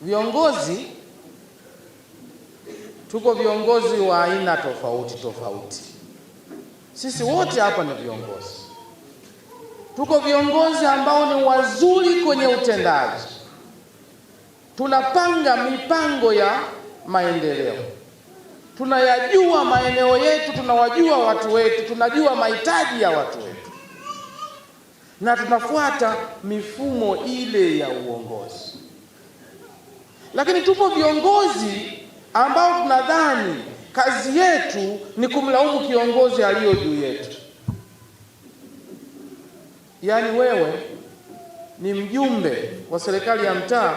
Viongozi tuko viongozi wa aina tofauti tofauti. Sisi wote hapa ni viongozi. Tuko viongozi ambao ni wazuri kwenye utendaji, tunapanga mipango ya maendeleo, tunayajua maeneo yetu, tunawajua watu wetu, tunajua mahitaji ya watu wetu, na tunafuata mifumo ile ya uongozi. Lakini tupo viongozi ambao tunadhani kazi yetu ni kumlaumu kiongozi aliyo juu yetu. Yaani wewe ni mjumbe wa serikali ya mtaa,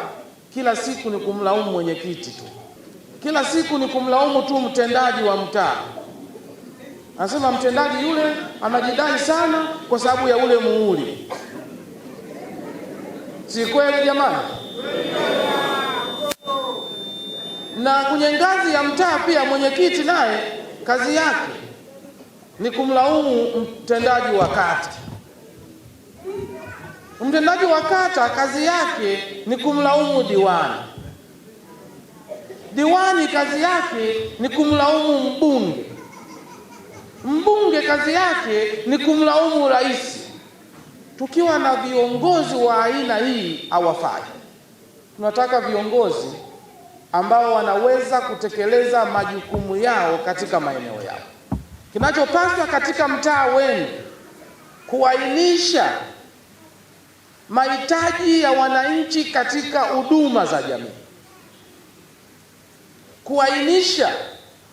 kila siku ni kumlaumu mwenyekiti tu, kila siku ni kumlaumu tu mtendaji wa mtaa. Anasema mtendaji yule anajidai sana kwa sababu ya ule muhuri. Si kweli jamani? na kwenye ngazi ya mtaa pia mwenyekiti naye kazi yake ni kumlaumu mtendaji wa kata. Mtendaji wa kata kazi yake ni kumlaumu diwani, diwani kazi yake ni kumlaumu mbunge, mbunge kazi yake ni kumlaumu rais. Tukiwa na viongozi wa aina hii hawafai. Tunataka viongozi ambao wanaweza kutekeleza majukumu yao katika maeneo yao. Kinachopaswa katika mtaa wenu kuainisha mahitaji ya wananchi katika huduma za jamii, kuainisha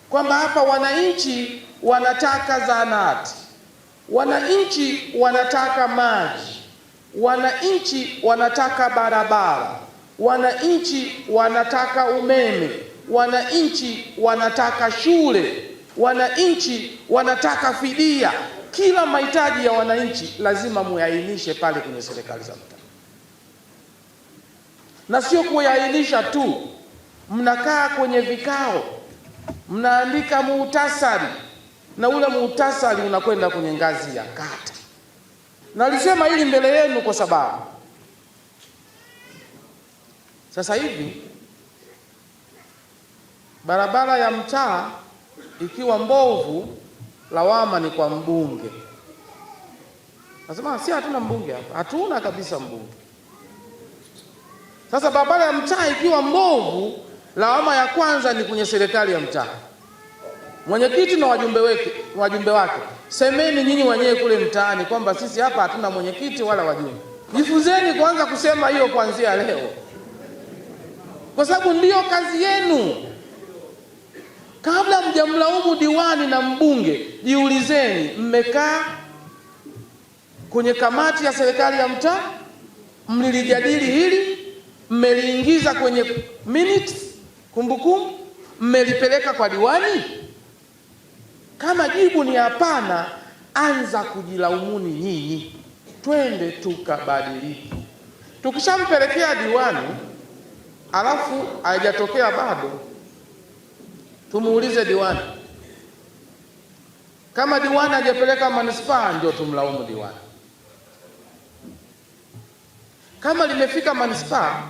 kwamba hapa wananchi wanataka zahanati, wananchi wanataka maji, wananchi wanataka barabara Wananchi wanataka umeme, wananchi wanataka shule, wananchi wanataka fidia. Kila mahitaji ya wananchi lazima muyainishe pale kwenye serikali za mtaa, na sio kuyainisha tu, mnakaa kwenye vikao, mnaandika muhtasari na ule muhtasari unakwenda kwenye ngazi ya kata. Nalisema hili mbele yenu kwa sababu sasa hivi barabara ya mtaa ikiwa mbovu, lawama ni kwa mbunge. Nasema si hatuna mbunge hapa, hatuna kabisa mbunge. Sasa barabara ya mtaa ikiwa mbovu, lawama ya kwanza ni kwenye serikali ya mtaa, mwenyekiti na wajumbe wake, wajumbe wake. Semeni nyinyi wenyewe kule mtaani kwamba sisi hapa hatuna mwenyekiti wala wajumbe. Jifunzeni kwanza kusema hiyo kuanzia leo kwa sababu ndiyo kazi yenu. Kabla mjamlaumu diwani na mbunge, jiulizeni, mmekaa kwenye kamati ya serikali ya mtaa, mlilijadili hili, mmeliingiza kwenye minutes kumbukumbu, mmelipeleka kwa diwani? Kama jibu ni hapana, anza kujilaumuni nyinyi, twende tukabadiliki. Tukishampelekea diwani alafu haijatokea bado, tumuulize diwani. Kama diwani hajapeleka manispaa, ndio tumlaumu diwani. Kama limefika manispaa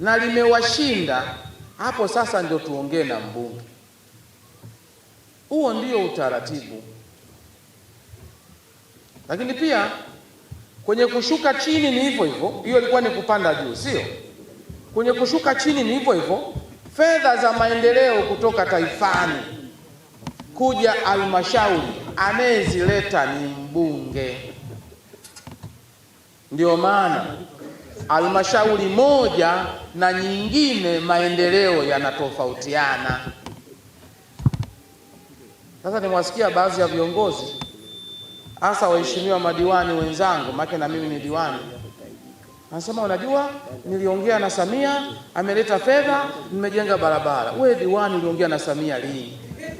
na limewashinda, hapo sasa ndio tuongee na mbunge. Huo ndio utaratibu. Lakini pia kwenye kushuka chini ni hivyo hivyo, hiyo ilikuwa ni kupanda juu, sio? Kwenye kushuka chini ni hivyo hivyo, fedha za maendeleo kutoka taifani kuja halmashauri, anayezileta ni mbunge. ndio maana halmashauri moja na nyingine maendeleo yanatofautiana. Sasa nimewasikia baadhi ya viongozi hasa waheshimiwa madiwani wenzangu, make na mimi ni diwani Anasema unajua, niliongea na Samia, ameleta fedha, nimejenga barabara. Wewe diwani, uliongea na Samia lini?